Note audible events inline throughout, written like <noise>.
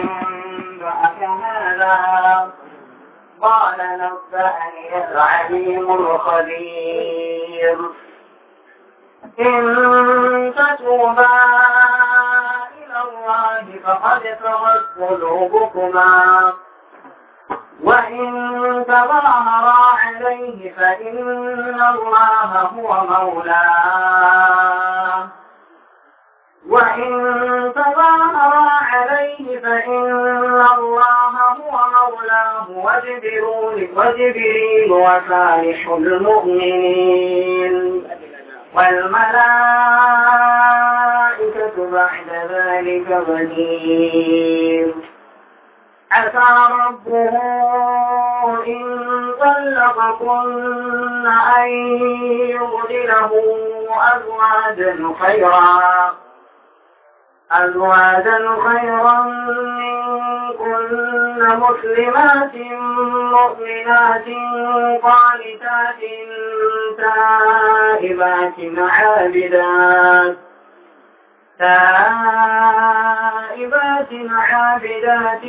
أنبأك هذا قال نبأني العليم الخبير إن تتوبا إلى الله فقد صغت قلوبكما وإن تظاهرا عليه فإن الله هو مولاه وإن تظاهرا عليه فإن الله هو مولاه وجبريل وصالح المؤمنين والملائكة بعد ذلك ظهير أتى ربه إن طلقكن أن يغدله أزواجا خيرا أزواجا خيرا منكن مسلمات مؤمنات قانتات تائبات عابدات تائبات عابدات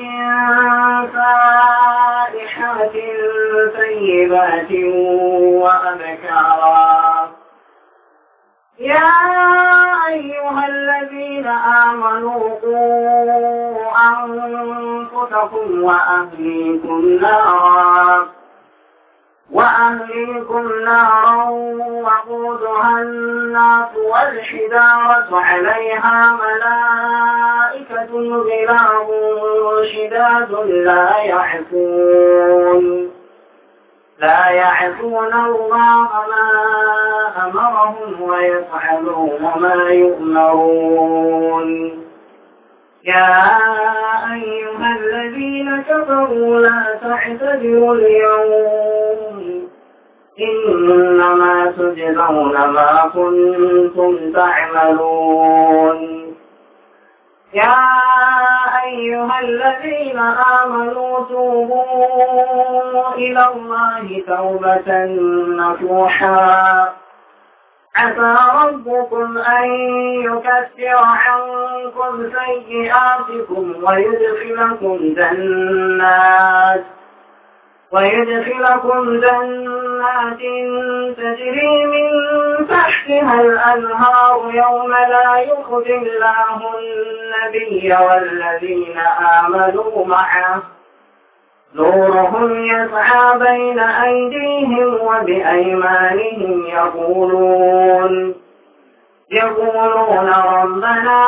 فائحات طيبات وأبكارا يا أيها الذين آمنوا قوا أنفسكم وأهليكم نارا وأهليكم نارا وقودها الناس والحدارة عليها ملائكة غلاب شداد لا يحفون لا يعصون الله ما أمرهم ويفعلون ما يؤمرون يا أيها الذين كفروا لا تعتذروا اليوم إنما تجزون ما كنتم تعملون يا أيها الذين آمنوا توبوا إلى الله توبة نصوحا عسى ربكم أن يكفر عنكم سيئاتكم ويدخلكم جنات ويدخلكم جنات تجري من تحتها الأنهار يوم لا يخزي الله النبي والذين آمنوا معه نورهم يسعى بين أيديهم وبأيمانهم يقولون يقولون ربنا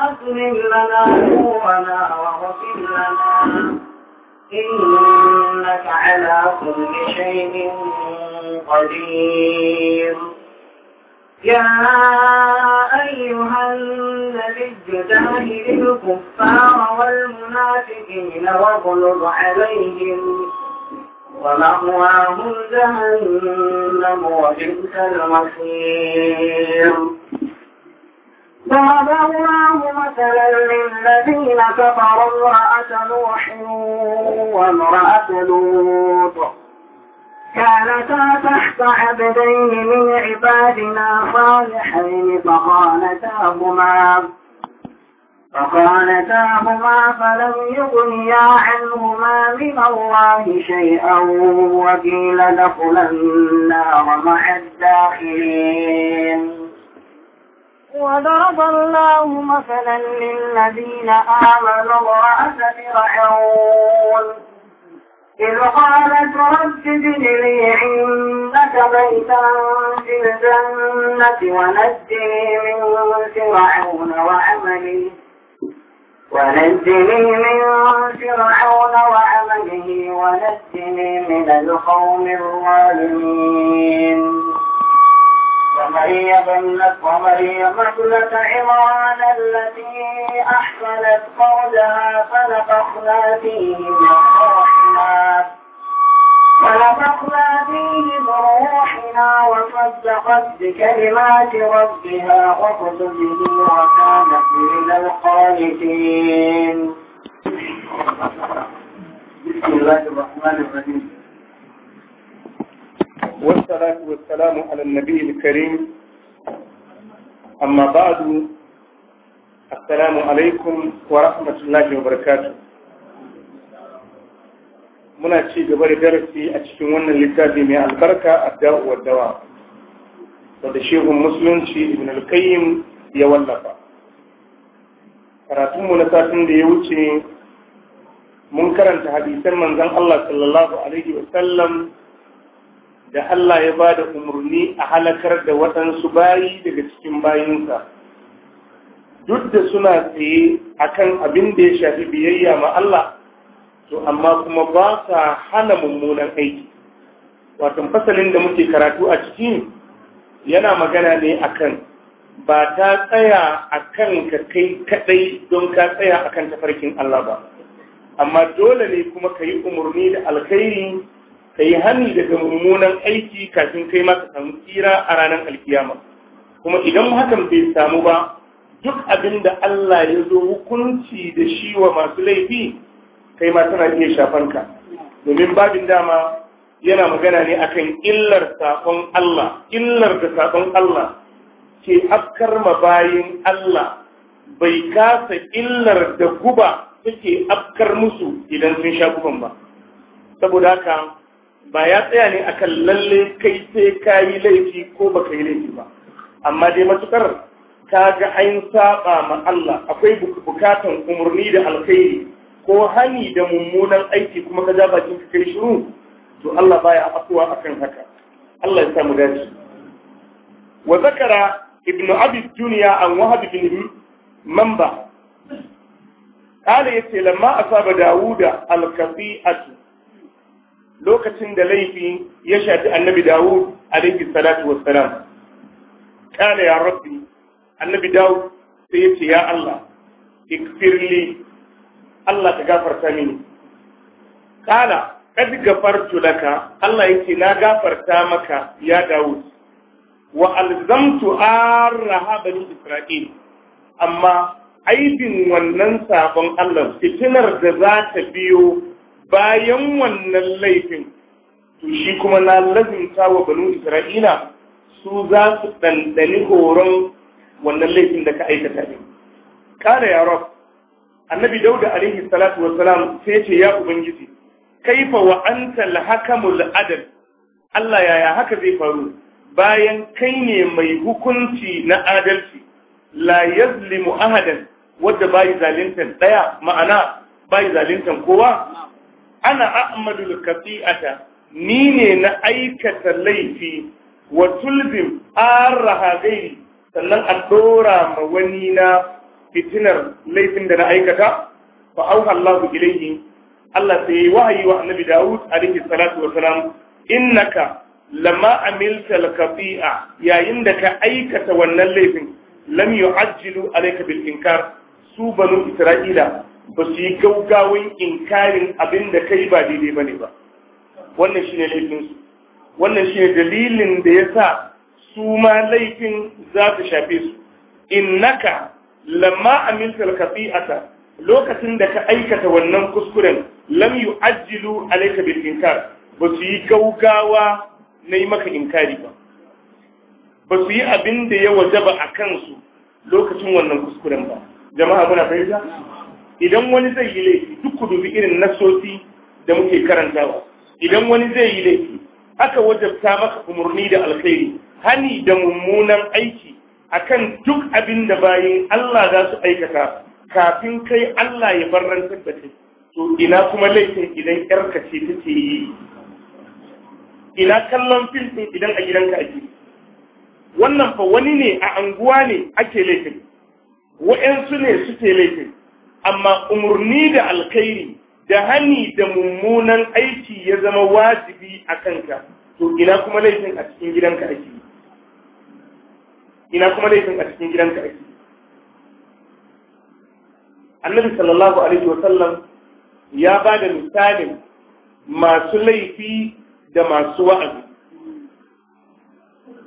أسلم لنا نورنا واغفر لنا إنك على كل شيء قدير يا أيها النبي جاهد الكفار والمنافقين واغلظ عليهم ومأواهم جهنم وبئس المصير ضرب الله مثلا للذين كفروا امرأة نوح وامرأة لوط كانتا تحت عبدين من عبادنا صالحين فخانتاهما فخانتاهما فلم يغنيا عنهما من الله شيئا وقيل دخلا النار مع الداخلين وضرب الله مثلا للذين آمنوا امرأة فرعون إذ قالت رب ابن لي عندك بيتا في الجنة ونجني من فرعون وعمله ونجني من فرعون وعمله ونجني من القوم الظالمين ومريم ابنت ومريم ابنت عمران التي أحسنت فرجها فنفخنا فيه من روحنا فنفخنا فيه من روحنا وصدقت بكلمات ربها وكتبه وكانت من القانتين بسم الله الرحمن الرحيم والصلاة والسلام على النبي الكريم أما بعد السلام عليكم ورحمة الله وبركاته muna ci gaba da darasi a cikin wannan littafi mai albarka a da'uwar dawa wadda shehun musulunci ibn al-qayyim ya wallafa karatunmu na satin da ya wuce mun karanta hadisan manzon Allah sallallahu alaihi wa sallam da Allah ya ba da umarni a halakar da waɗansu bayi daga cikin bayinsa duk da suna tsaye akan abin da ya shafi biyayya ma Allah to amma kuma ba sa hana mummunan aiki wato fasalin da muke karatu a ciki yana magana ne akan ba ta tsaya akan ka kai kaɗai don ka tsaya akan tafarkin Allah ba amma dole ne kuma ka yi umarni da alkhairi ka yi hani daga mummunan aiki kafin kai ma ka samu tsira a ranar alkiyama kuma idan mu hakan bai samu ba duk abin da Allah ya zo hukunci da shi wa masu laifi kai ma tana iya shafan ka. domin babin dama yana magana ne akan illar saƙon Allah illar da saƙon Allah ke afkar bayin Allah bai kasa illar da guba take afkar musu idan sun sha guban ba saboda haka ba ya tsaya ne kan lalle kai sai ka yi laifi ko ba ka yi laifi ba amma dai matukar ka ga an saba ma Allah akwai bukatan umarni da alkhairi ko hani da mummunan aiki kuma ka ja bakin ka kai shiru to Allah baya afuwa akan haka Allah ya samu dace wa zakara ibnu abi dunya an wahab ibn manba قال يتي لما أصاب داوود الكفيئة lokacin da laifi ya shafi annabi Dawud alaihi salatu wassalam kana ya rabbi annabi Dawud sai yace ya Allah ikfirli Allah ka gafarta mini kana kad gafartu laka Allah yace na gafarta maka ya Dawud wa alzamtu arraha bani Isra'il amma aibin wannan sabon Allah fitinar da za ta biyo bayan wannan laifin to shi kuma na lazimta wa banu isra'ila su za su ɗanɗani horon wannan laifin da ka aikata ne Kada ya rab annabi dauda alaihi salatu wassalam sai ce ya ubangiji kaifa wa anta alhakamul Allah yaya haka zai faru bayan kai ne mai hukunci na adalci la yazlimu ahadan wadda bai zalunta daya ma'ana bai zalunta kowa ana a'malul kafi'ata ni ne na aikata laifi wa tulzim arraha gairi sannan a dora ma wani na fitinar laifin da na aikata fa auha Allahu ilayhi Allah sai wahayi wa Annabi Dawud alaihi salatu wa salam innaka lamma amilta al-kafi'a yayin da ka aikata wannan laifin lam yu'ajjilu alayka bil inkar su banu Isra'ila ba su yi gaugawin inkarin abin da kai ba daidai ba ne ba wannan shi ne laifinsu wannan shi ne dalilin da ya sa su ma laifin za su shafe su In innaka lamma a ta lokacin da ka aikata wannan kuskuren lam ajilu alaika, bil inkar ba su yi gaugawa na yi maka inkari ba ba su yi abin da ya wajaba a kansu lokacin wannan kuskuren ba jama'a muna fahimta idan wani zai yi laifi duk ku dubi irin nasosi da muke karantawa idan wani zai yi laifi aka wajabta maka umarni da alkhairi hani da mummunan aiki akan duk abin da bayin Allah za su aikata kafin kai Allah ya barrantar da kai to ina kuma laifin idan yarka ce take yi ina kallon fim din idan a gidanka ake wannan fa wani ne a anguwa ne ake laifin wa'yansu ne suke laifin amma umarni da alkhairi da hani da mummunan aiki ya zama wajibi a kanka to ina kuma laifin a cikin gidanka ake ina kuma laifin a cikin gidanka ake annabi sallallahu alaihi wa sallam ya ba da misalin masu laifi da masu wa'azi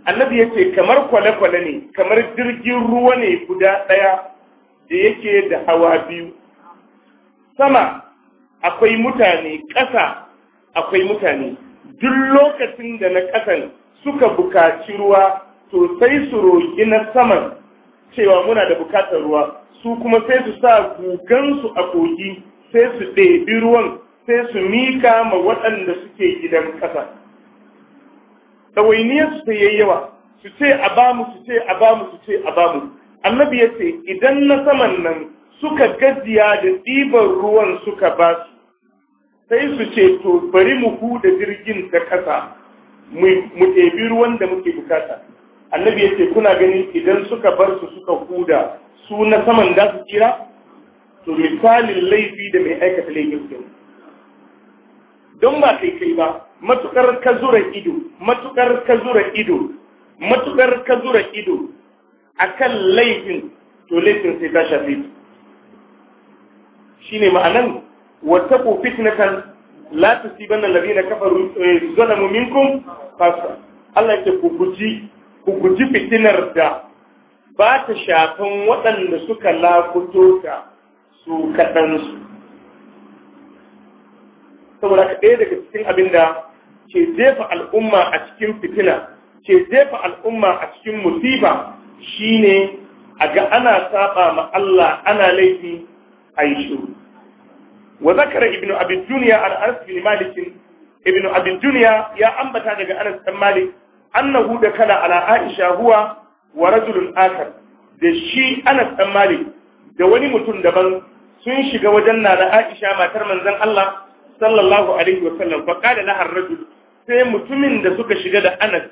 annabi ya ce kamar kwale-kwale ne kamar jirgin ruwa ne guda ɗaya da yake da hawa biyu sama akwai mutane ƙasa akwai mutane duk lokacin da na ƙasan suka buƙaci ruwa to sai su roƙi na saman cewa muna da buƙatar ruwa su kuma sai su sa gugansu a kogi sai su ɗebi ruwan sai su mika ma waɗanda suke gidan ƙasa ɗawainiyarsu ta yi yawa su ce a bamu su ce a bamu su ce a bamu annabi ya ce idan na saman nan suka gajiya da ɗiban ruwan suka ba su sai su ce to bari mu huda jirgin ta kasa mu ɗebi ruwan da muke bukata annabi ya ce kuna gani idan suka bar su suka huda su na saman da su kira to misalin laifi da mai aikata laifin su don ba kai kai ba matukar ka zura ido matukar ka zura ido matukar ka zura ido akan laifin to laifin sai ta shafe shine ma'anan wattaqu fitnatan la tusibanna alladhina kafaru eh, zalamu minkum khassa Allah yake ku guji ku guji fitinar da ba ta shafan waɗanda suka lafuto ka su kaɗansu. Saboda ka ɗaya daga cikin abin ke jefa al'umma a cikin fitina, ke jefa al'umma a cikin musiba Shi ne a ga ana saba ma Allah ana laifi a yi shiru wa zakara ibn abi Duniya a anas bin malik ibn abi Duniya ya ambata daga anas bin malik annahu da kala ala aisha huwa wa rajulun akar da shi anas bin malik da wani mutum daban sun shiga wajen nana aisha matar manzon Allah sallallahu alaihi wa sallam fa qala laha rajul sai mutumin da suka shiga da anas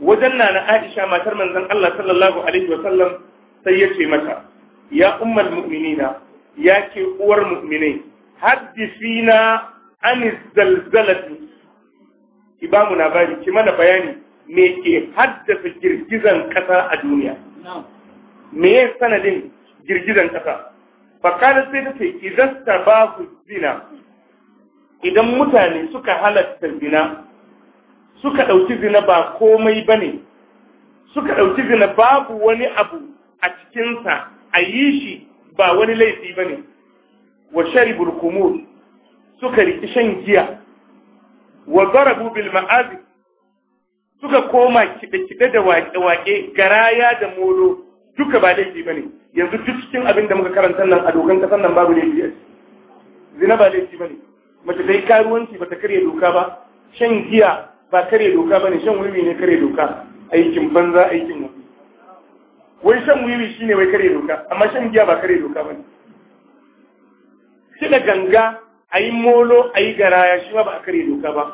wajen na na Aisha matar manzon Allah sallallahu alaihi wa sallam sai ya ce mata ya ummul mu'minina ya ke uwar mu'minai na an zalzalati ki ba mu labari ki mana bayani me ke haddasa girgizan kasa a duniya me ya sanadin girgizan kasa fakar sai ta ce idan ta ba zina idan mutane suka halatta zina suka ɗauki zina ba komai ba ne suka ɗauki zina babu wani abu a cikinsa a yi shi ba wani laifi ba ne wa shari burkumur suka riƙi shan giya wa zarabu bil ma'azi suka koma kiɗe-kiɗe da waƙe-waƙe garaya da molo duka ba laifi ba ne yanzu duk cikin abin da muka karanta nan a dokan kasan nan babu laifi a zina ba laifi ba ne mace ta yi karuwanci ba ta karya doka ba shan giya ba kare doka ba ne, shan wiwi ne kare doka aikin banza aikin wani wai shan wiwi shine wai kare doka amma shan giya ba kare doka ba shi da ganga a yi molo yi garaya shi ba a kare doka ba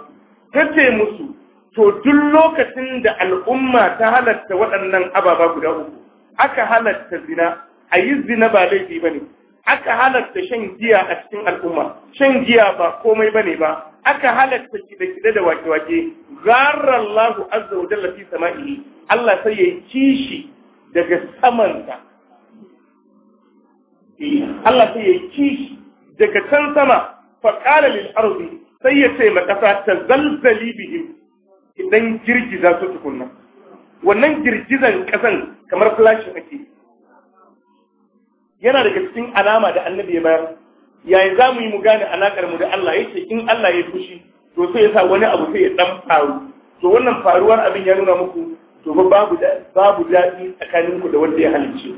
Ta ce musu to duk lokacin da al'umma ta halatta waɗannan ababa guda uku aka halatta zina a yi zina ba laifi ba ne aka halatta shan giya a cikin al'umma shan giya ba komai ba ne ba aka halatta da kide da wake-wake gharallahu azza wa jalla fi sama'i. Allah sai ya kishi daga samanta Allah sai ya kishi daga can sama fa qala lil ardi sai ya ce makasa ta zalzali bihim idan girgiza su tukunna wannan girgizan kasan kamar flashin ake yana daga cikin alama da annabi ya bayar yayi za mu yi mu gane alakar mu da Allah yace in Allah ya fushi to sai ya sa wani abu sai ya dan faru to wannan faruwar abin ya nuna muku to ba babu babu daɗi tsakanin ku da wanda ya halicce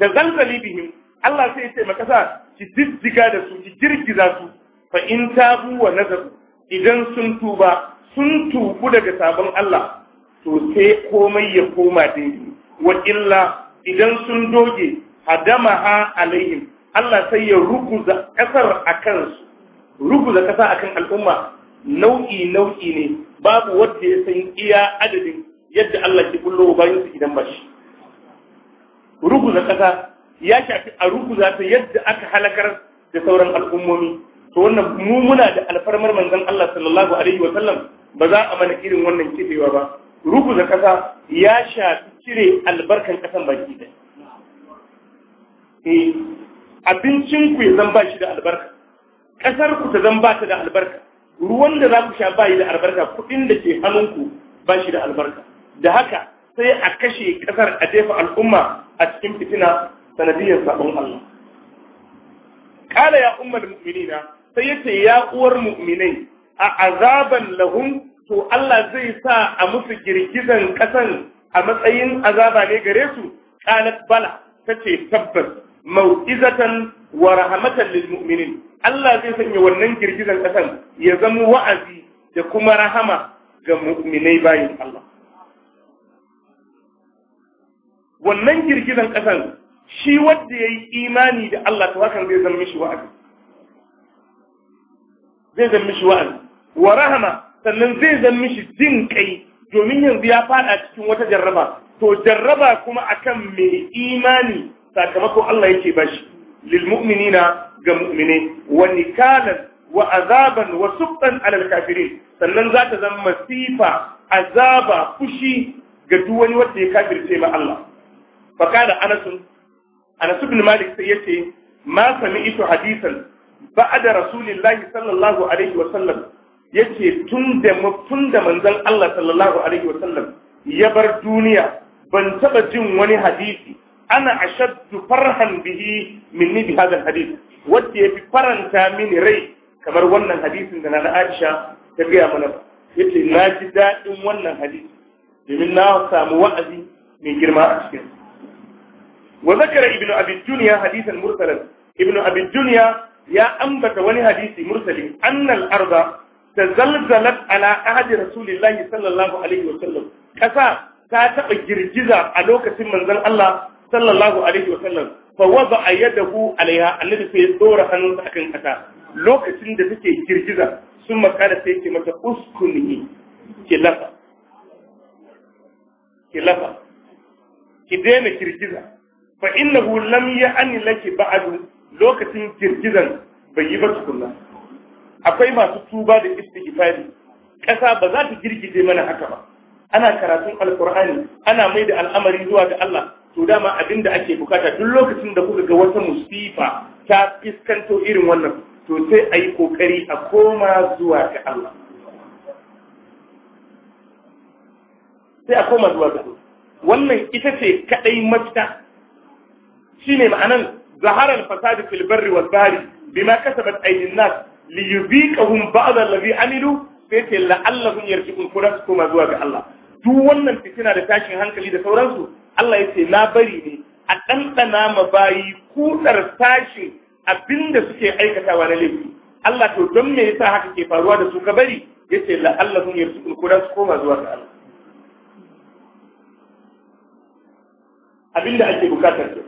da zalzali bihim Allah sai ya ce maka sa ki diddiga da su ki girgiza su fa in tabu wa nazar idan sun tuba sun tubu daga sabon Allah to sai komai ya koma daidai wa illa idan sun doge hadamaha alaihim Allah sai ya ruguza kasar a kansu ruguza kasa kan al'umma nau'i nau'i ne babu wanda ya san iya adadin yadda Allah ke kullo bayan su idan ba shi ruguza kasa ya shafi a ruguza ta yadda aka halakar da sauran al'ummomi to wannan mu muna da alfarmar manzan Allah sallallahu alaihi Wasallam, ba za a mana irin wannan kifewa ba ruguza kasa ya shafi cire albarkan kasan baki ɗaya. Eh, abincin ku ya zan ba shi da albarka ƙasar ku ta zan ta da albarka ruwan da za ku sha ba da albarka kuɗin da ke hannunku ba shi da albarka da haka sai a kashe ƙasar a jefa al'umma a cikin fitina sanadiyar sabon Allah kala ya ummar mu'minina sai yace ya uwar mu'minai a azaban lahum to Allah zai sa a musu girgizan ƙasan a matsayin azaba ne gare su qalat bala tace tabbas mau'izatan wa rahmatan lil mu'minin Allah zai sanya wannan girgizan kasan ya zama wa'azi da kuma rahama ga mu'minai bayin Allah wannan girgizan kasan shi wanda yayi imani da Allah to hakan zai zama mishi wa'azi zai zama mishi wa'azi wa rahama sannan zai zama mishi jin kai domin yanzu ya fada cikin wata jarraba to jarraba kuma akan mai imani sakamako Allah yake shi lil mu'minina ga mu'mine wa nikalan wa azaban wa subtan alal kafirin sannan za ta zama masifa azaba fushi ga duk wani wanda ya kafirce ma Allah fa kada Anasun Anas ibn Malik sai yace ma sami'tu hadisan ba'da rasulillahi sallallahu alaihi wa sallam yace tun da tun da manzon Allah sallallahu alaihi wa sallam ya bar duniya ban taba jin wani hadisi ana ashaddu farhan bihi ni bi hadha hadith ya fi faranta mini rai kamar wannan hadisin da na Aisha ta gaya mana yace na ji daɗin wannan hadisi domin na samu wa'azi mai girma a cikin wa zakara ibnu abi dunya hadisan mursalan ibnu abi dunya ya ambata wani hadisi mursali annal arda tazalzalat ala ahdi rasulillahi sallallahu alaihi wa sallam kasa ta taɓa girgiza a lokacin manzon Allah sallallahu alaihi wasallam fa wada yadahu alaiha annabi sai ya dora hannunsa akan kasa lokacin da take girgiza sun makara sai ce mata uskuni ki lafa ki lafa ki daina girgiza fa innahu lam ya'ni laki ba'du lokacin girgizan bai yi ba tukunna akwai masu tuba da istighfari kasa ba za ta girgije mana haka ba ana karatun alkur'ani ana mai da al'amari zuwa ga Allah to dama abin da ake bukata duk lokacin da kuka ga wata musifa ta fiskanto irin wannan to sai a yi kokari a koma zuwa ga Allah sai a koma zuwa ga wannan ita ce kadai mafita shine ma'anan zaharar fasadi fil barri wal bahri bima kasabat aydin nas li yuziqahum ba'd allazi amilu sai ce la'allahum yarji'un kuma zuwa ga Allah duk wannan fitina da tashin hankali da sauransu Allah ya ce na bari ne a ɗanɗana ma bayi kudar tashin abinda suke aikatawa na laifi Allah to don me yasa haka ke faruwa da su ka bari Ya ce yace la'allahum yarzuqun ko su koma zuwa ga Allah abinda ake bukatar da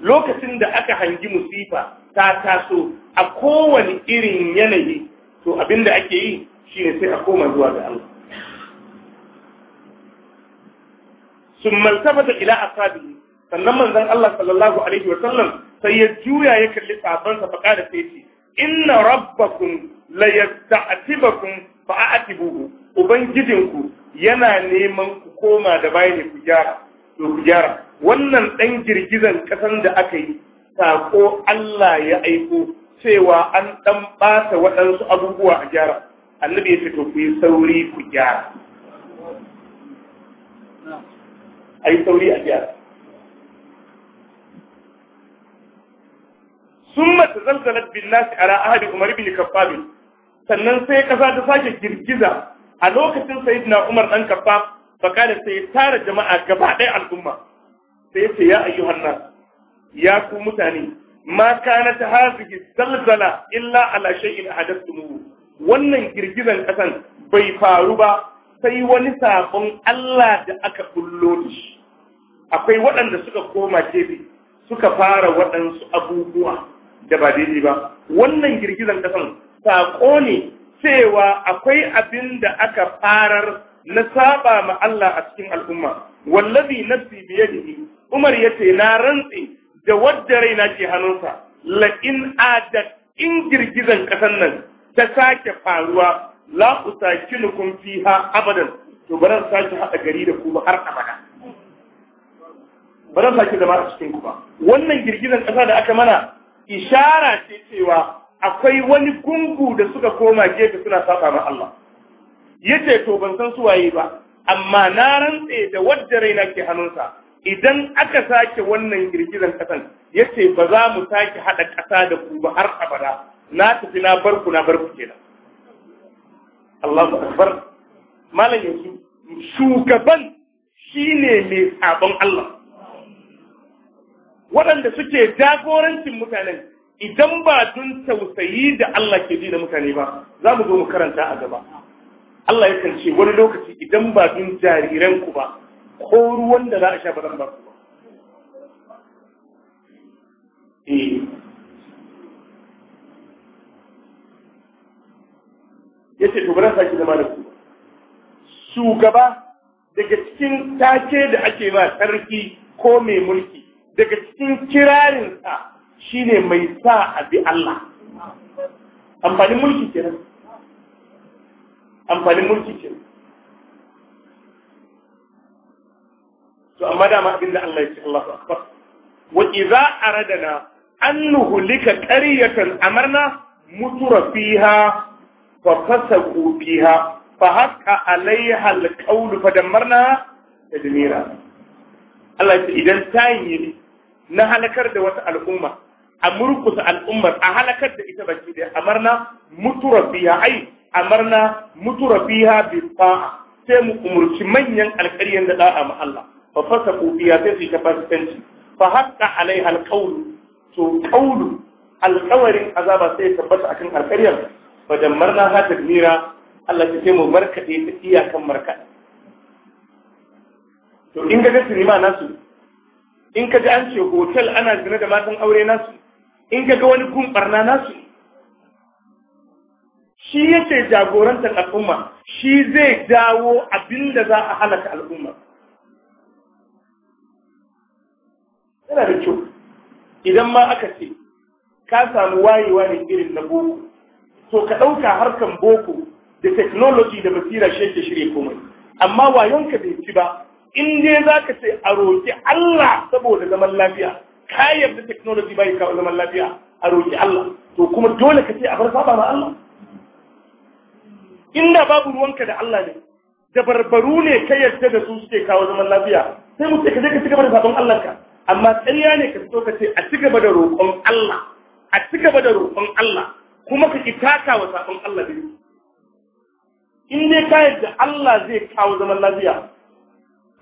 lokacin da aka hangi musifa ta taso a kowane irin yanayi to abinda ake yi shi ne sai a koma zuwa ga Allah sun maltabata ila asabi sannan manzon Allah sallallahu alaihi wa sallam sai ya juya ya kalli sabansa fa kada sai ce inna rabbakum la yasta'tibakum fa a'tibuhu ubangijinku yana neman ku koma da baya ku gyara to ku gyara wannan dan girgizan kasan da aka yi sako Allah ya aiko cewa an dan bata waɗansu abubuwa a gyara annabi ya ce ku yi sauri ku gyara a yi sauri a gyara sun mata zalzalar bin nasi ala ahadi umar bin sannan sai ƙasa ta sake girgiza a lokacin na umar ɗan kafa fakada sai ya tara jama'a gaba ɗaya al'umma sai ya ce ya ayyuhan nas ya ku mutane ma kana ta hazihi zalzala illa ala shay'in hadathumuhu wannan girgizan ƙasan bai faru ba sai wani sabon Allah da aka da shi akwai waɗanda suka koma kebe suka fara waɗansu abubuwa da ba daidai ba wannan girgizan kasan saƙo ne cewa akwai abin da aka farar na saba ma Allah a cikin al'umma wallazi nafsi biyadihi Umar ya ce na rantsi da wadda raina ke hannunsa la in adat in girgizan kasan nan ta sake faruwa la usakinukum fiha abadan to baran sake haɗa gari da kuma har abada ba zan sake zama a cikin ku ba wannan girgizar ƙasa da aka mana ishara ce cewa akwai wani gungu da suka koma gefe suna saba ma Allah yace to ban san su waye ba amma na rantse da wadda raina ke hannunsa idan aka sake wannan girgizar ƙasan yace ba za mu sake haɗa ƙasa da ku ba har abada na tafi na bar ku na bar ku kenan Allahu akbar malam yanzu shugaban shine mai sabon Allah waɗanda suke jagorancin mutanen idan ba dun tausayi da Allah ke ji mutane ba za mu zo mu karanta a gaba Allah ya ce wani lokaci idan ba dun jariran ku ba ko ruwan da za a sha ba zan ba ku ba eh. yace to bara saki zama da ku shugaba daga cikin take da ake ba sarki ko mai mulki daga cikin kirarinsa shine mai sa a bi Allah amfanin mulki kenan amfanin mulki kenan to amma dama abin da Allah ya ce Allahu akbar wa idza aradana an nuhlika qaryatan amarna mutura fiha fa fasaqu fiha fa haqa alaiha alqawl fa damarna tadmira Allah ya ce idan tayin yi na halakar da wata al'umma a murkusa al'ummar a halakar da ita baki da amarna mutura fiha ai amarna mutura fiha bi ta'a sai mu umurci manyan alƙaryan da da'a ma Allah fa fasaku fiha sai su ta fasikanci fa haqqa alaiha alqawl to qawlu alƙawarin azaba sai ya tabbata akan alƙaryar fa dammarna ha tadmira Allah ta sai mu markade ta iyakan markade to in ga ga sinima nasu in ka ji an ce hotel ana zina da matan aure nasu in ka ga wani gun barna nasu shi ya ce jagorantar al'umma shi zai dawo abin da za a halaka al'umma yana da kyau idan ma aka ce ka samu wayewa ne irin na boko to ka ɗauka harkan boko da technology da basira shi yake shirya komai amma wayonka bai ci ba in dai za ka ce a roƙi Allah saboda zaman lafiya ka yarda technology bai kawo zaman lafiya a roƙi Allah to kuma dole ka ce a bar saba ma Allah inda babu ruwanka da Allah ne da barbaru ne ka yarda da su suke kawo zaman lafiya sai mu ce ka je ka cigaba da sabon Allah ka amma tsariya ne ka fito ka ce a cigaba da roƙon Allah a cigaba da roƙon Allah kuma ka ki taka wa sabon Allah ne in dai ka yarda Allah zai kawo zaman lafiya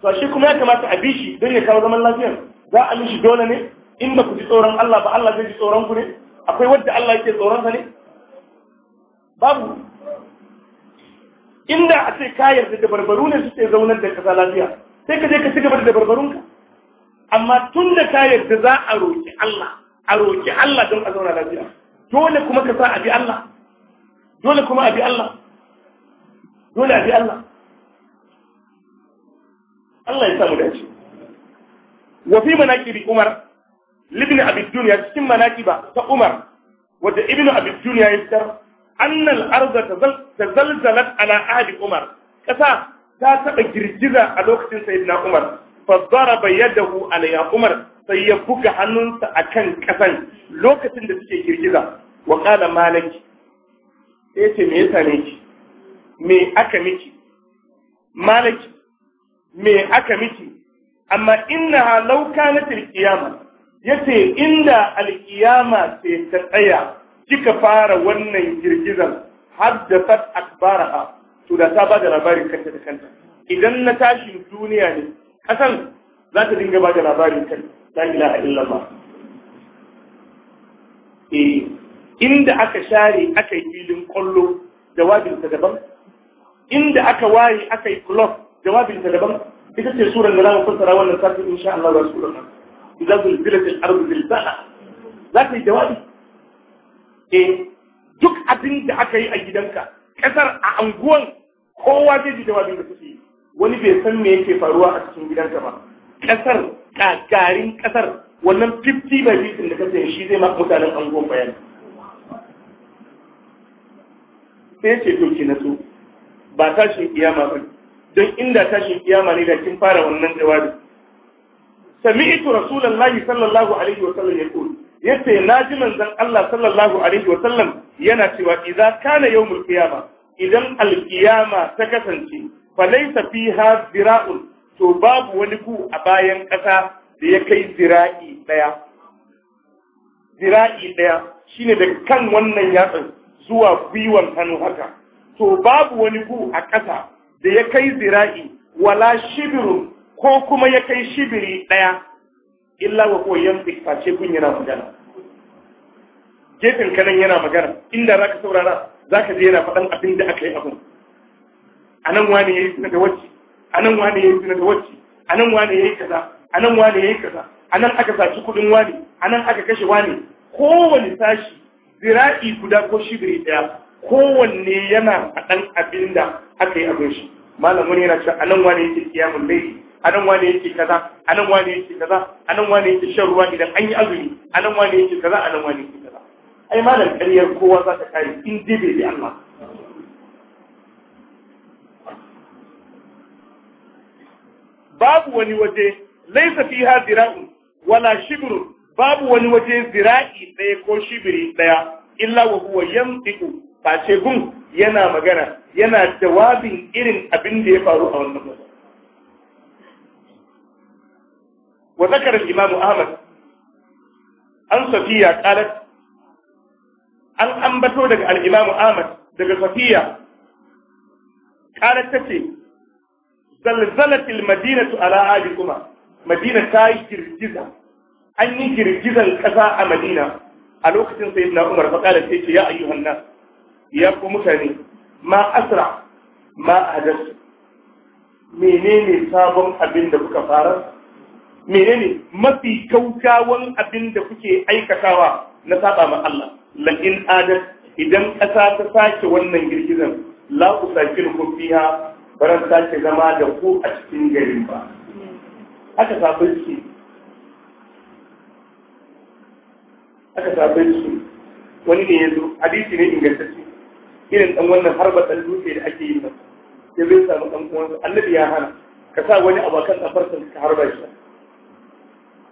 to shi kuma ya kamata a bi shi don ya kawo zaman lafiyar za a mishi dole ne in ba ku ji tsoron Allah ba Allah zai ji tsoron ku ne akwai wadda Allah yake tsoron sa ne babu inda a ce ka da dabarbaru ne suke zaunar da kasa lafiya sai ka je ka ci gaba da barbarunka amma tun da ka yarda za a roki Allah a roki Allah don a zauna lafiya dole kuma ka sa a bi Allah dole kuma a bi Allah dole a bi Allah Allah ya samu dace wa fi manaqibi Umar cikin manaqiba ta Umar wadda ibn Abi duniya ya fitar anna al-ardh tazalzalat ala ahli Umar Ƙasa ta taɓa girgiza a lokacin sayyidina Umar fa daraba dahu ala Umar sai ya buga hannunsa akan kasan lokacin da suke girgiza wa qala malaki sai ce me yasa ne ki me aka miki malaki me aka miki amma innaha law kanat Ya ce inda alqiyama ce ta tsaya kika fara wannan girgizan haddathat akbaraha to da ta bada labarin kanta da kanta idan na tashin duniya ne kasan za ta dinga ba da labarin kanta la ilaha illallah eh inda aka share aka yi filin kwallo da jawabinsa daban inda aka waye aka yi club Jawabinta daban ita ce suran da za mu fassara wannan sati sha Allah da rasulullah idan kun zira fil ardi zilzala za ka yi jawabi eh duk abin da aka yi a gidanka kasar a anguwan kowa zai ji jawabin da kake yi wani bai san me yake faruwa a cikin gidanka ba kasar kakarin kasar wannan 50 by 50 da kake shi zai maka mutanen anguwan bayani sai ce doki na naso ba tashin iyama ba don inda tashin kiyama ne da kin fara wannan jawabi sami'tu rasulullahi sallallahu alaihi wa sallam yaqul yace naji manzon Allah sallallahu alaihi wa sallam yana cewa idza kana yawmul qiyama idan alqiyama ta kasance fa laysa fiha zira'un to babu wani ku a bayan kasa da ya kai zira'i daya zira'i daya shine da kan wannan yatsan zuwa gwiwan hannu haka to babu wani ku a kasa da ya kai zira'i wala shibiru ko kuma ya kai shibiri ɗaya illa wa ko yan face kun yana magana gefen kanan yana magana inda za ka saurara za ka je yana faɗan abin da aka yi abin a nan wani ya yi suna da wacce a nan wani ya yi suna da wacce a nan wani ya yi kaza a nan wani ya yi kaza a nan aka saci kuɗin wani a nan aka kashe wani kowane sashi zira'i guda ko shibiri ɗaya kowanne yana faɗan abin da haka yi abin shi malam wani yana cewa anan wani yake kiyamun laili anan wani yake kaza anan wani yake kaza anan wani yake shan ruwa idan an yi azumi anan wani yake kaza anan wani yake kaza ai malam ƙaryar kowa za ta kare in dai bai bi Allah babu wani waje laisa fiha zira'un wala shibrun babu wani waje zira'i ɗaya ko shibiri ɗaya illa wa huwa yantiqu face gun yana magana yana jawabin irin abin da ya faru a wannan masa wa zakara imam ahmad an safiya qalat an ambato daga al ahmad daga safiya qalat tace zalzalat al-madinatu ala ali kuma madina ta yi girgiza an yi girgizan ƙasa a madina a lokacin sayyidina umar fa qalat ce ya ayyuhan nas ya ku mutane ma asra ma hadasu menene sabon abin da kuka fara menene mafi kaukawan abin da kuke aikatawa na saba ma Allah lakin adat idan ƙasa ta sake wannan girgizan la usakin ku fiha baran sake zama da ku a cikin garin ba aka sabon shi aka sabon shi wani ne ya zo hadisi ne ingantacce irin dan wannan harba dan dutse da ake yi masa ya bai samu dan uwan annabi ya hana ka sa wani kan kafarsa ka harba shi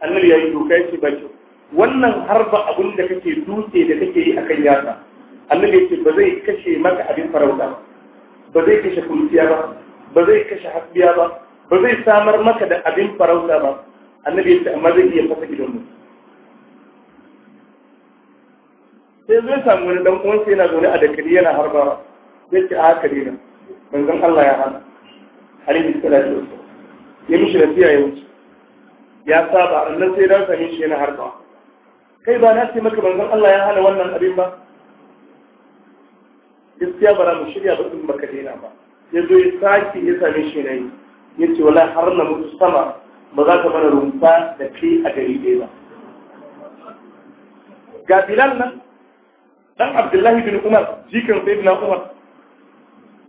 annabi ya yi doka yake ba kyau wannan harba abun da kake dutse da kake yi akan yasa annabi yake ba zai kashe maka abin farauta ba zai kashe kulciya ba ba zai kashe hasbiya ba ba zai samar maka da abin farauta ba annabi yake amma zai iya fasa gidan mutum sai zai samu wani dan uwansa yana zaune a dakali yana harba zai ce a haka ne manzon Allah ya hana alaihi salatu wassalam ya mishi nasiya ya wuce ya saba annan sai dan sami shi yana harba kai ba na ce maka manzon Allah ya hana wannan abin ba gaskiya ba mu shirya ba in baka daina ba ya zo ya sake ya same shi na yi ya ce wala har na mutu sama ba za ka mana rumfa da kai a gari ɗaya ba ga bilal nan dan Abdullahi bin Umar shi sai Sayyidina Umar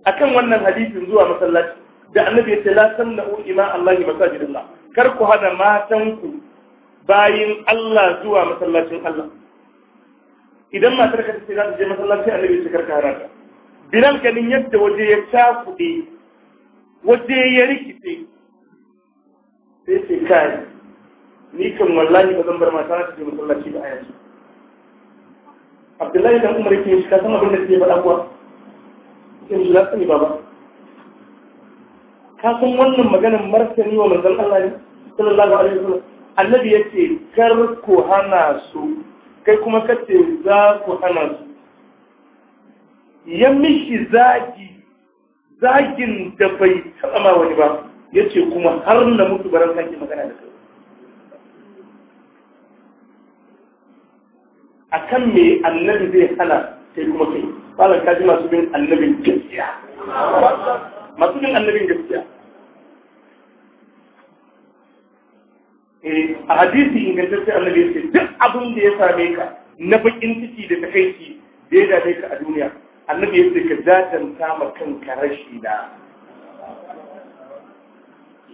akan wannan hadisin zuwa masallaci da annabi ya ce la tamna'u ima allahi masajidillah kar ku hada matan ku bayin Allah zuwa masallacin Allah idan matar ka ce za ta je masallaci annabi ya karka haraka. bilal ganin yadda waje ya cakuɗe waje ya rikice sai ce kai ni kan wallahi ba zan bar mata ta je masallaci da ayatu abdullahi dan umar ke shi ka san abin da ke faɗa kuwa sai shi lafiya ne baba ka san wannan maganar martani wa manzon Allah ne sallallahu alaihi wasallam annabi yace kar ku hana su kai kuma kace za ku hana su ya mishi zagi zagin da bai taɓa ma wani ba yace kuma har na mutu baran sake magana da kai a kan me annabi zai hana sai kuma kai malam kaji masu bin annabin gaskiya masu bin annabin gaskiya eh, a hadisi ingantacce annabi ya ce duk abin da ya same ka na bakin ciki da takaici da ya dace ka a duniya annabi ya ce ka jajanta ma kanka rashi da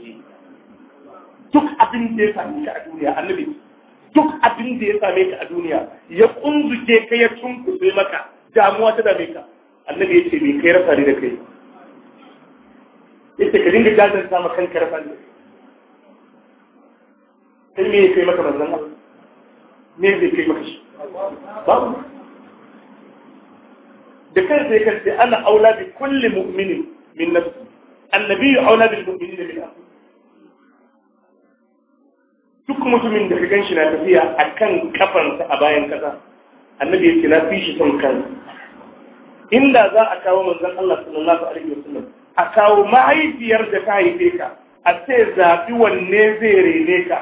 eh, duk abin da ya same ka a duniya annabi duk abin da ya same ka a duniya ya kunzuke ka ya tunkuɗe maka damuwa ta dame ka annabi ya ce me kai rasa ne da kai yace ka dinga sama ma kanka rasa ne kai me kai maka manzon Allah me zai kai maka shi babu da kan sai kai sai ana aula bi kulli mu'minin min nafsi annabi aula bil mu'minin min nafsi duk mutumin da ka gan shi na tafiya a kan kafansa a bayan kasa annabi ya ce na fi shi son kan inda za a kawo manzon Allah sallallahu alaihi wasallam a kawo mahaifiyar da ta haife ka a ce zaɓi wanne zai rene ka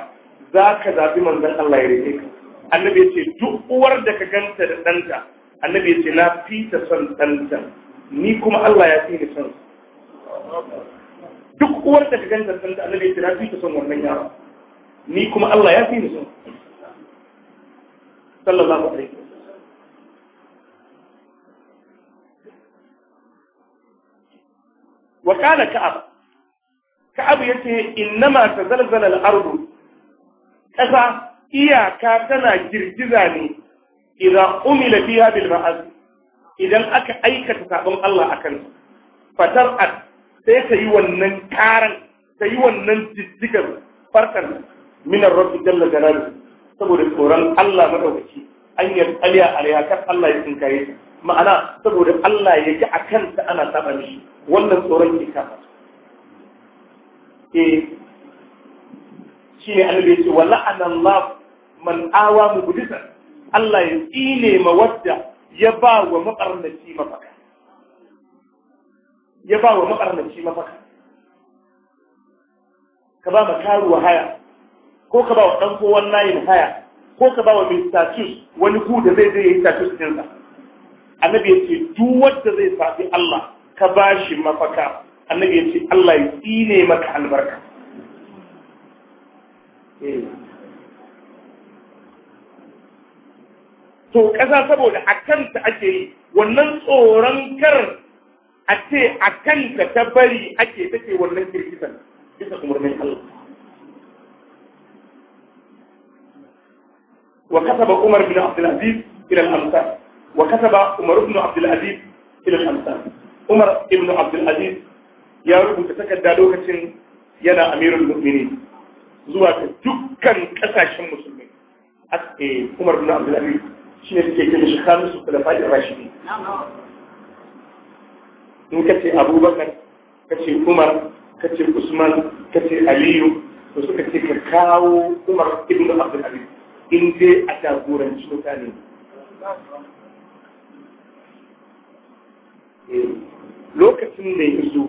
za ka zaɓi manzon Allah ya rene ka annabi ya ce duk uwar da ka ganta da ɗanta annabi ya ce na fi ta son ɗanta ni kuma Allah ya fi ni son duk uwar da ka ganta da ɗanta annabi ya ce na fi ta son wannan yaro ni kuma Allah ya fi ni so sallallahu alaihi wa kana ka'ab ka'ab yace innama tazalzala al-ardu kasa iyaka tana girgiza ne idan umila fiha bil ma'asi idan aka aikata sabon Allah akan fatar sai ta yi wannan karan ta yi wannan jijjigar farkar min rabbi jalla jalaluhu saboda tsoron Allah madaukaki an yi aliya alaiha kan Allah ya tsinkare ta ma'ana saboda Allah ya ji a kanta ana saba mishi wannan tsoron ke kafa eh shine annabi ya ce wala anallahu man awa mu budisa Allah ya tsine ma wadda ya ba wa makarnaci mafaka ya ba wa makarnaci mafaka ka ba ma karuwa haya ko ka ba wa ɗan kowan layin haya ko ka ba wa mai status wani ku da zai zai yi status ka, annabi ya ce duk wanda zai safi Allah ka ba shi mafaka annabi ya ce Allah ya tsine maka albarka eh. to ƙasa saboda a kanta ake yi wannan tsoron kar a ce a kanta ta bari ake take wannan kirkitan bisa umarnin Allah وكتب عمر بن عبد العزيز إلى الأمثال وكتب عمر بن عبد العزيز إلى الأمثال عمر بن عبد العزيز ya rubuta takarda lokacin yana amirul zuwa ga dukkan kasashen musulmi Umar bin Abdul Aziz shi ne suke kira shi khamisu khulafa'ir rashidi in kace Abubakar kace Umar kace Usman kace Aliyu to suka ce ka kawo Umar in dai a jagoranci mutane eh, lokacin da ya zo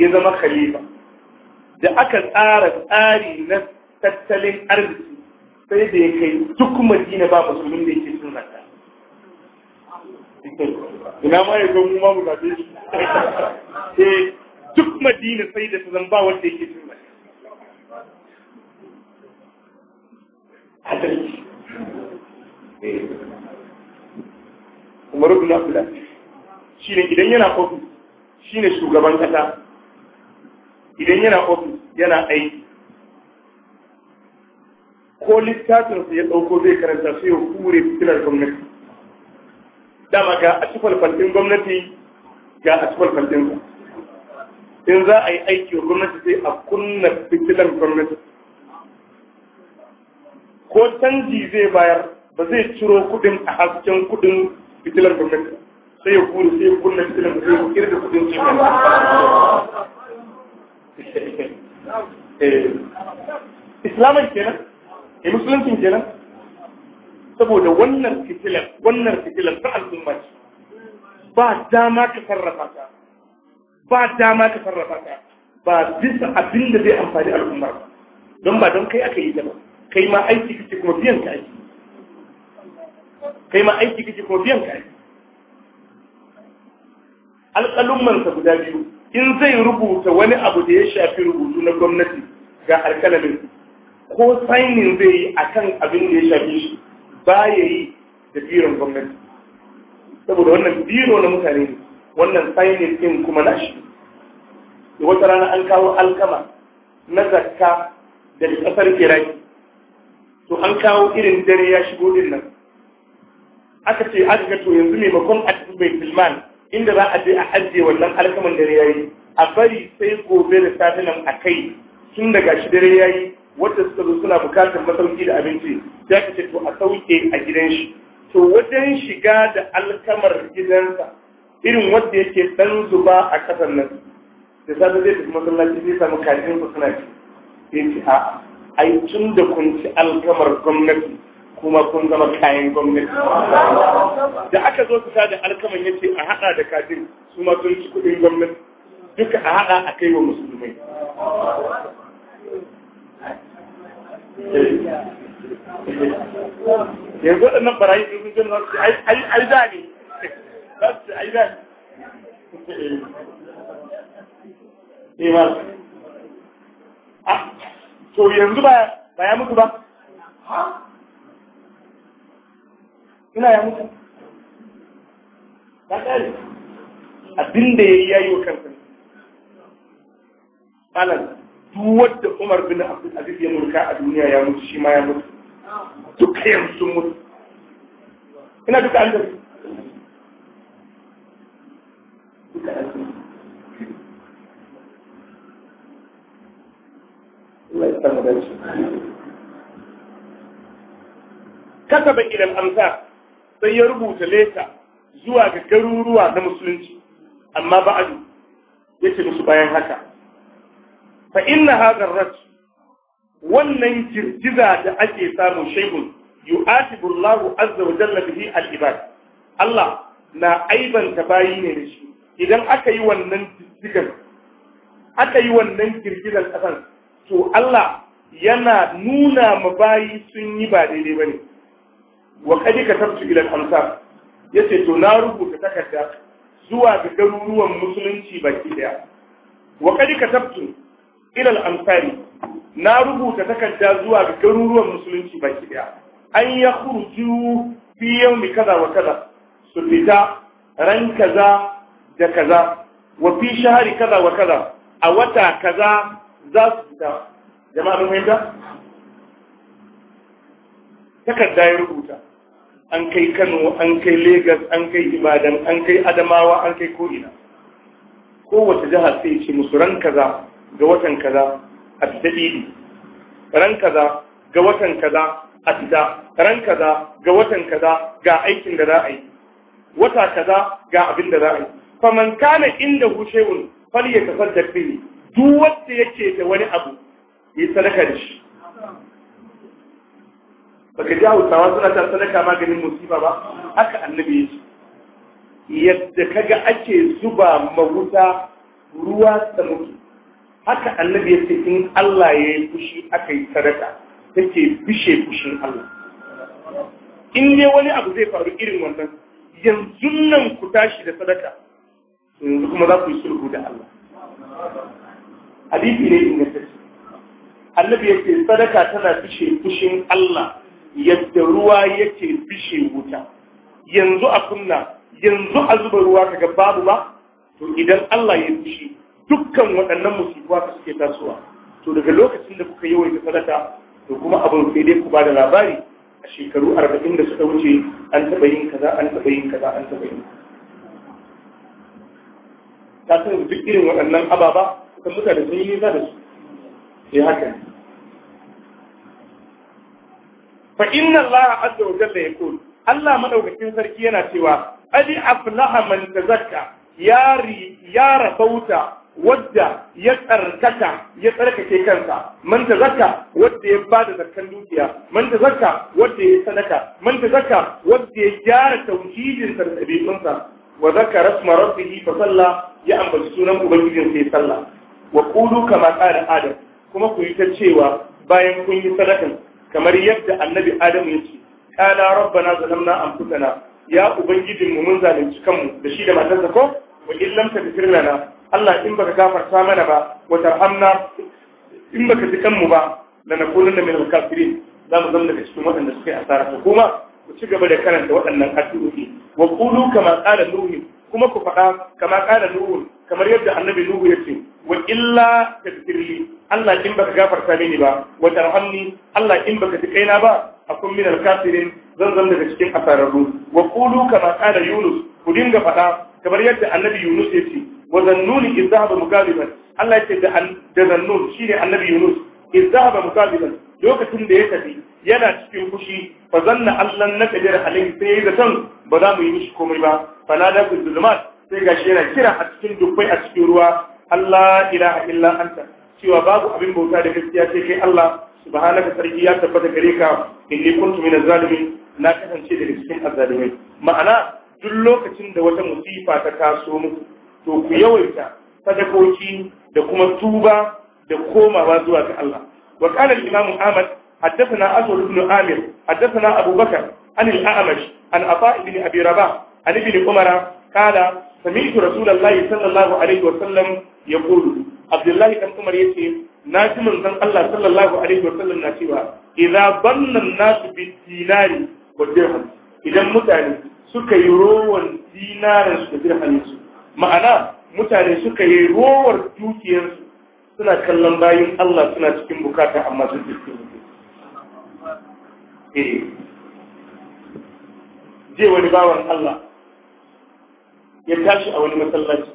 ya zama khalifa da aka tsara tsari na tattalin arziki sai da ya kai duk madina ba musulmin da yake sun zaka ina ma ya mu ma mu zaɓe shi <laughs> eh, duk madina sai da ta zan ba wanda yake sun adalci eh. umaru bin abdullah shi ne idan yana ofis shi ne shugaban kasa idan yana ofis yana aiki ko littafinsa ya ɗauko zai karanta su ya hure fitilar gwamnati dama ga a cikin gwamnati ga a cikin in za a yi aiki wa gwamnati sai a kunna fitilar gwamnati ko canji zai bayar ba zai ciro kudin a hasken kudin fitilar gwamnati sai ya kuri sai ya kunna fitilar sai ya da kudin ce eh, islamin kenan e musuluncin kenan saboda wannan fitilar wannan fitilar ta al'umma ce ba dama ka sarrafa ta ba dama ka sarrafa ta ba bisa abin da zai amfani al'umma don ba don kai aka yi ta ba kai ma aiki kuma biyan ka aiki kai ma aiki kake kuma biyan ka aiki alƙalummansa guda biyu in zai rubuta wani abu da ya shafi rubutu na gwamnati ga alƙalamin ko sainin zai yi a kan abin da ya shafi shi ba ya yi da biron gwamnati saboda wannan biro na mutane ne wannan sainin ɗin kuma na shi da wata rana an kawo alkama na zakka daga ƙasar iraki to an kawo irin dare ya shigo din nan aka ce aka ga to yanzu ne makon a bai filman inda za a je a ajiye wannan alkaman dare yayi a bari sai gobe da safe a kai tun daga shi dare yayi wanda suka zo suna bukatar masauki da abinci ya ka ce to a sauke a gidan shi to wajen shiga da alkamar gidansa irin wanda yake dan zuba a kasar nan da safe zai tafi masallaci zai samu kajin su suna ci sai ce a'a ai tun da kun ci alkamar gwamnati kuma kun zama kayan gwamnati da aka zo fita da alkaman ce a haɗa da kafin su ma sun ci kuɗin gwamnati duka a haɗa a kai wa musulmai yanzu waɗannan barayi sun sun jin ai za ne ai za ne <laughs> to yanzu ba ba ya mutu ba ina ya mutu ba kare abin da ya yayi wa kansa alan duk wadda Umar bin Abdul Aziz ya mulka a duniya ya mutu shi ma ya mutu duk yanzu sun mutu ina duka an da kasaba ilal amsa sai ya rubuta leta zuwa ga garuruwa na musulunci amma ba'adu yake musu bayan haka fa inna hadha ar wannan girgiza da ake samu shaykhun yu'atibu Allahu azza wa jalla bihi al-ibad Allah na aibanta bayi ne da shi idan aka yi wannan jirgin aka yi wannan girgizan kasan to Allah yana nuna ma bayi sun yi ba daidai bane wa kadi ka tabtu ila al-amsar yace to na rubuta takarda zuwa ga garuruwan musulunci baki daya wa kadi ka tabtu ila al-amsari na rubuta takarda zuwa ga garuruwan musulunci baki daya an ya khurju fi yawmi kaza wa kaza su fita ran kaza da kaza wa fi shahari kaza wa kaza a wata kaza za su fita jama'a mun fahimta takarda ya rubuta an kai Kano an kai Lagos an kai Ibadan an kai Adamawa an kai ko'ina kowace jiha sai ce musu ran kaza ga watan kaza a dalili ran kaza ga watan kaza a fita ran kaza ga watan kaza ga aikin da za a yi wata kaza ga abin da za a yi faman kana inda hushewun fal ya tasaddaq bihi duk wanda yake da wani abu ya sadaka da shi baka ji hausawa suna ta sadaka maganin musiba ba haka annabi ya ce yadda kaga ake zuba mawuta ruwa da mutu haka annabi ya ce in Allah ya yi fushi aka yi sadaka take bishe fushin Allah in dai wani abu zai faru irin wannan yanzu nan ku tashi da sadaka yanzu kuma za ku yi sulhu da Allah hadisi ne ingantacce annabi ya ce sadaka tana bishe fushin Allah yadda ruwa yake bishe wuta yanzu a kunna yanzu a zuba ruwa kaga babu ba to idan Allah ya fushi dukkan waɗannan musibuwa da suke tasowa to daga lokacin da kuka yawaita sadaka to kuma abin sai dai ku ba da labari a shekaru arba'in da suka wuce an taɓa yin kaza an taɓa yin kaza an taɓa yin ta san duk irin waɗannan ababa kusan mutane sun yi nisa da su sai haka ne fa inna Allah azza wa jalla yaqul Allah madaukakin sarki yana cewa adi aflaha man tazakka yari ya rabauta wadda ya tsarkaka ya tsarkake kansa man tazakka wadda ya bada zakkan dukiya man tazakka wadda ya sadaka man tazakka wadda ya gyara tauhidin sa da wa zakara asma rabbih fa salla ya ambaci sunan ubangijin sai sallah wa qulu kama qala adam kuma ku yi ta cewa bayan kun yi sadakan kamar yadda annabi adam ya ce kala rabbana zalamna anfusana ya ubangijin mu mun zalunci kanmu da shi da matarsa ko wa in lam lana Allah in baka gafarta mana ba wa tarhamna in baka ji kanmu ba da minal kafirin za mu zama daga cikin waɗanda suka yi asara ko kuma ku ci gaba da karanta waɗannan addu'o'i wa qulu kama qala nuhu kuma ku faɗa kama ƙara nuhu kamar yadda annabi nuhu ya ce wa illa tafsirli Allah in baka gafarta mini ba wa tarhamni Allah in baka ji kaina ba akun min al zan zan daga cikin asararru wa qulu kama ƙara yunus ku dinga faɗa kamar yadda annabi yunus ya ce wa zannuni in zahaba mukadiban Allah ya ce da zannun ne annabi yunus in zahaba mukadiban lokacin da ya tafi yana cikin fushi fa zanna Allah na kajar sai ya zaton ba za mu yi mishi komai ba fanada fi zulumat sai gashi yana kira a cikin dubbai a cikin ruwa Allah ilaha illa anta cewa babu abin bauta da gaskiya sai kai Allah subhanaka sarki ya tabbata gare ka inni kuntu min zalimin na kasance daga cikin azzalimai ma'ana duk lokacin da wata musifa ta taso muku to ku yawaita sadakoki da kuma tuba da komawa zuwa ga Allah wa qala al-imam Ahmad haddathana Abu ibn Amir haddathana Abu Bakar an al-A'mash an Ata ibn Abi عن ابن عمر قال سمعت رسول الله صلى الله عليه وسلم يقول عبد الله بن عمر يتي ناجي من الله صلى الله عليه وسلم ناتيوا إذا bi الناس بالدينار والدرهم idan mutane suka yi rowar dinarin su da su, ma'ana mutane suka yi rowar dukiyarsu suna kallon bayan Allah suna cikin bukata amma sun cikin bukata je wani bawan Allah ya tashi a wani masallaci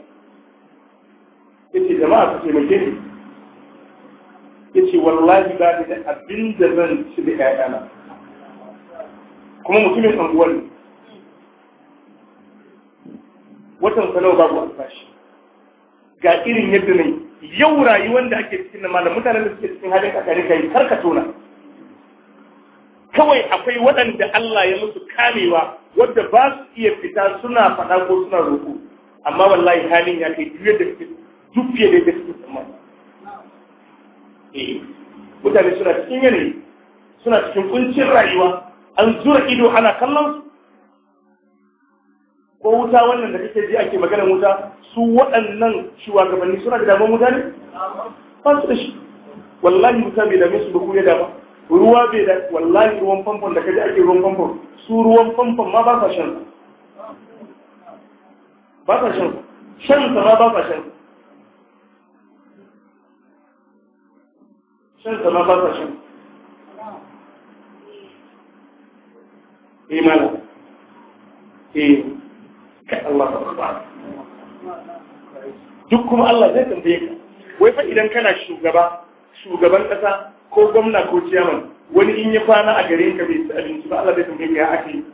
Ya ce jama'a ku ne. Ya ce wallahi ba ni da abin da zan ci da ƴaƴana kuma mutumin anguwar ne watan sanau babu albashi ga irin yadda ne yau rayuwar da ake cikin na malam mutanen da suke cikin ƙasa ne kai karkato tona. kawai akwai waɗanda Allah ya musu kamewa wadda ba su iya fita suna faɗa ko suna roƙo amma wallahi halin ya kai juya da duk fiye da fi amma eh mutane suna cikin yanayi suna cikin kuncin rayuwa an zura ido ana kallon su ko wuta wannan da kake ji ake magana wuta su waɗannan shugabanni suna da damar mutane ba su da shi wallahi mutane da su ba kuma ya dama ruwa bai da wallahi ruwan famfon da kaji ake ruwan famfon su ruwan famfon ma ba sa shan ba sa shan shan sa ma ba sa shan shan sa ma ba sa shan imana eh, eh kai Allah ba. duk kuma Allah zai tambaye ka wai fa idan kana shugaba shugaban kasa ko gwamna ko ciyaman wani in ya kwana a gare ka bai ci abinci ba Allah zai kuma ka ya ake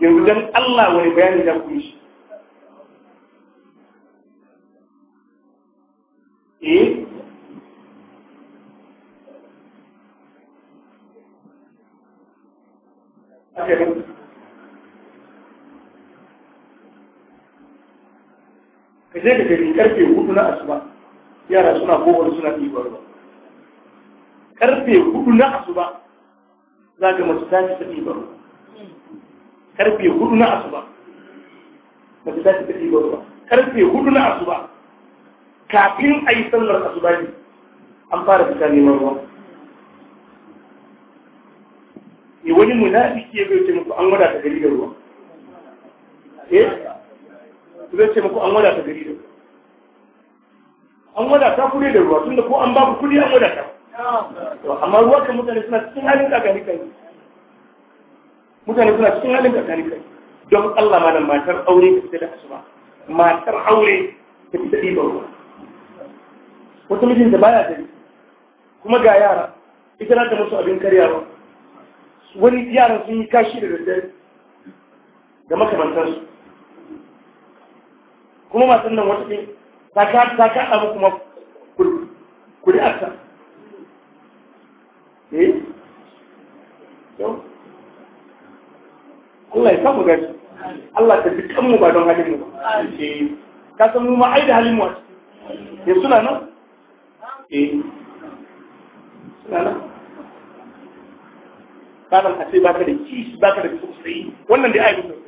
yanzu dan Allah wani bayani da ku shi eh ka je ka gari karfe hudu na asuba yara suna kowar suna ɗibar ruwa karfe hudu na asuba za ga mace ta fi tafi ba karfe hudu na asuba mace ta fi tafi baro karfe hudu na asuba kafin a yi sallar asuba ne an fara fita neman ruwa ne eh, wani munafiki ya zai ce muku an wadata gari da ruwa eh zai ce muku an wadata gari da ruwa an wadata kure da ruwa tunda ko an ba ku kudi an wadata amma ruwa kan mutane suna cikin halin kakani kai mutane suna cikin halin kakani kai don Allah ma nan matar aure ta fita da asuba matar aure ta fita ɗiban ruwa wata mijinta baya gari kuma ga yara ita na musu abin karya ba wani yaran sun yi kashi da daddare da makamantarsu kuma masu nan wata ne ka ta ka abu kuma kuri'arta Eh? Allah ya samu gani Allah ta fi kanmu ba don halin mu ba ka san mu ma ai da halin mu ya eh, suna nan eh suna nan kanan hasi ba baka da kishi baka da sosai, wannan da ai sosai.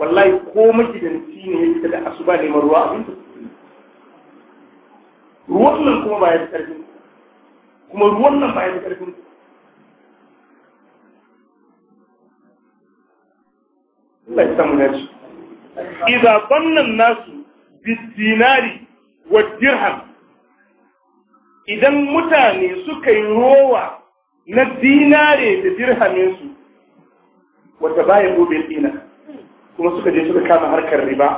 wallahi ko magidanci ne ya fita da asuba neman ruwa abin ruwan nan kuma ba ya fi karfin kuma ruwan nan bayan karfin Allah ya samu dace idza bannan nasu bisinari wa dirham idan mutane suka yi rowa na dinare da dirhamin su wata baya gobe dina kuma suka je suka kama harkar riba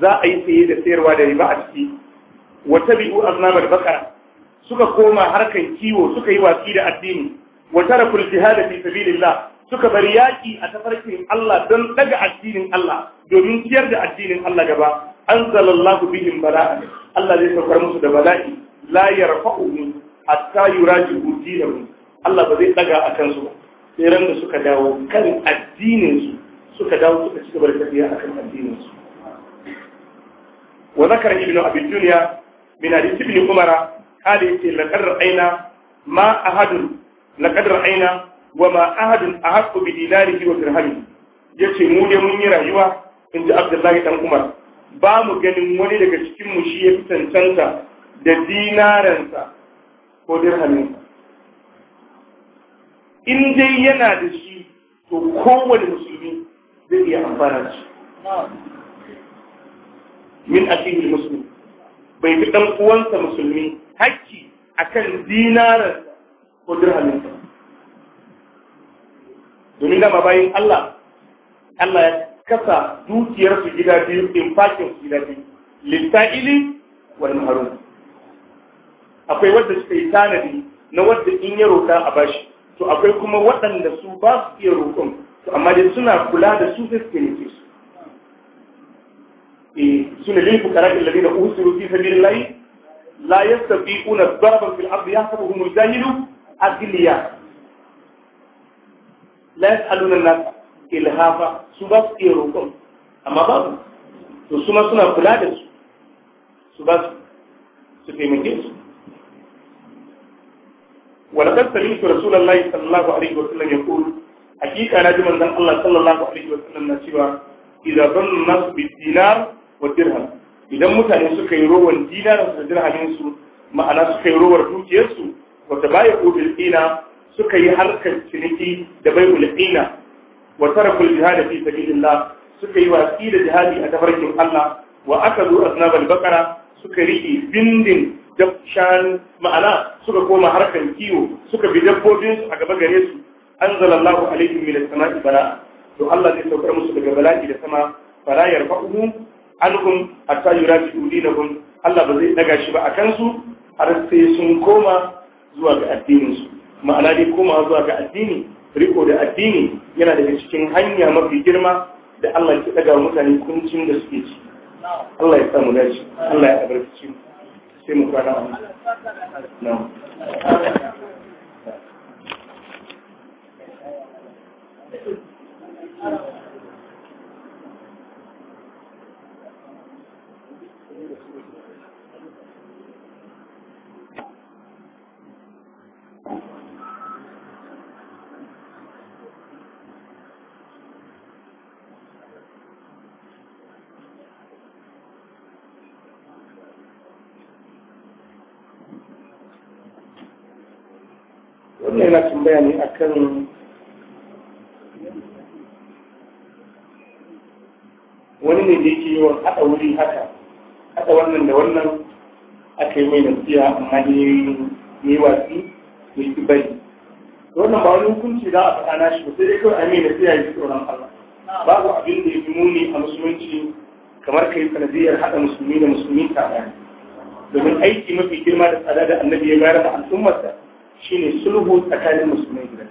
za a yi saye da tsayarwa da riba a ciki wata bi'u aznabar bakara suka koma harkan kiwo suka yi watsi da addini wa tarakul jihad fi sabilillah suka bar yaki a tafarkin Allah don daga addinin Allah domin ciyar da addinin Allah gaba anzalallahu bihim bala'a Allah zai saukar musu da bala'i la yarfa'uhum hatta yuraji'u dinahum Allah ba zai daga akan su sai ran da suka dawo kan addinin su suka dawo suka ci gaba da tafiya akan addinin su wa zakara ibnu abi dunya min hadith ibn umara kada yace laqad ra'ayna ma ahadun laqad ra'ayna wa ma ahadun ahaqqu bi dinarihi wa dirhamihi yace mu dai mun yi rayuwa in ji Abdullahi ɗan Umar ba mu ganin wani daga cikinmu shi ya fi cancanta da dinaransa ko dirhaminsa in dai yana da shi to kowane musulmi zai iya amfana da shi min akihil muslim bai fi ɗan uwansa musulmi hakki akan dinarar ko dirhamin domin gama bayan Allah Allah ya kasa dukiyar su gida biyu infakin su gida biyu lissa'ili wal mahrum akwai wadda suka yi tanadi na wadda in ya roƙa a bashi to akwai kuma waɗanda su ba su iya roƙon to amma dai suna kula da su sai suke nufi su eh suna lil fuqara alladhina usiru fi layi. la yastabi'una darban fil ardi yahsabuhum al-jahilu adliya la yas'aluna an-nas ilhafa su ba su iya roƙon ba su ma suna kula da su su ba su ولقد سمعت رسول الله صلى الله عليه وسلم يقول حقيقة أنا الله صلى الله عليه وسلم نشيوا إذا ظن الناس بالدينار والدرهم idan mutane suka yi rowar dinarin da dirhamin su ma'ana suka yi rowar dukiyarsu wata baya ƙudul ina suka yi harkar ciniki da bai ina wa tarakul jihada fi sabilillah suka yi watsi da jihadi a tafarkin Allah wa aka zo aznabal bakara suka riƙe bindin shan ma'ana suka koma harkar kiwo suka bi dabbobin su a gaba gare su anzalallahu alaihim min as-sama'i bala'a to Allah zai saukar musu daga bala'i da sama fara yarfa'uhum alhum hatta yuraju dinahum Allah ba zai daga shi ba a kansu har sai sun koma zuwa ga addininsu ma'ana dai koma zuwa ga addini riko da addini yana daga cikin hanya mafi girma da Allah ke daga mutane kuncin da suke ci Allah ya samu dace Allah ya albarkace sai mu fara amma na Thank you. wannan yana tambaya ne kan wani ne da yake yawan haɗa wuri haka haɗa wannan da wannan aka yi mai nasiya amma ne ne watsi ne ki bari wannan ba wani hukunci za a faɗa nashi ba sai dai kawai a mai nasiya ya tsoron Allah babu abin da ya fi muni a musulunci kamar kai sanadiyar haɗa musulmi da musulmi tare domin aiki mafi girma da tsada da annabi ya bayar da al'ummarsa shine sulhu tsakanin musulmai guda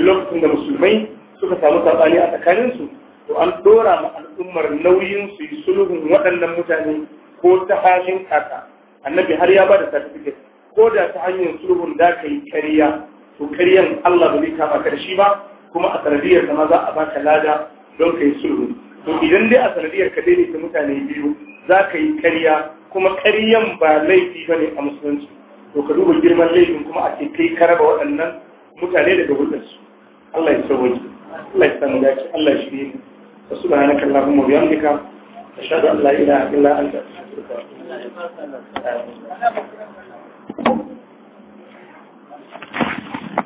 lokacin da musulmai suka samu sabani a tsakaninsu to an dora ma al'ummar nauyin su yi sulhun waɗannan mutane ko ta halin kaka annabi har ya bada certificate ko da ta hanyar sulhun da ka yi kariya to kariyan Allah ba zai kama ka shi ba kuma a sanadiyar ma za a baka lada don ka yi sulhu to idan dai a sanadiyar ka daidaita mutane biyu za ka yi kariya kuma kariyan ba laifi ba ne a musulunci to ka duba girman laifin kuma a ce kai ka raba waɗannan mutane daga hulɗarsu Allah ya waje, Allah ya samu dace Allah ya shirye mu wa subhanaka allahumma wa bihamdika ashhadu an la ilaha illa anta astaghfiruka wa atubu ilaik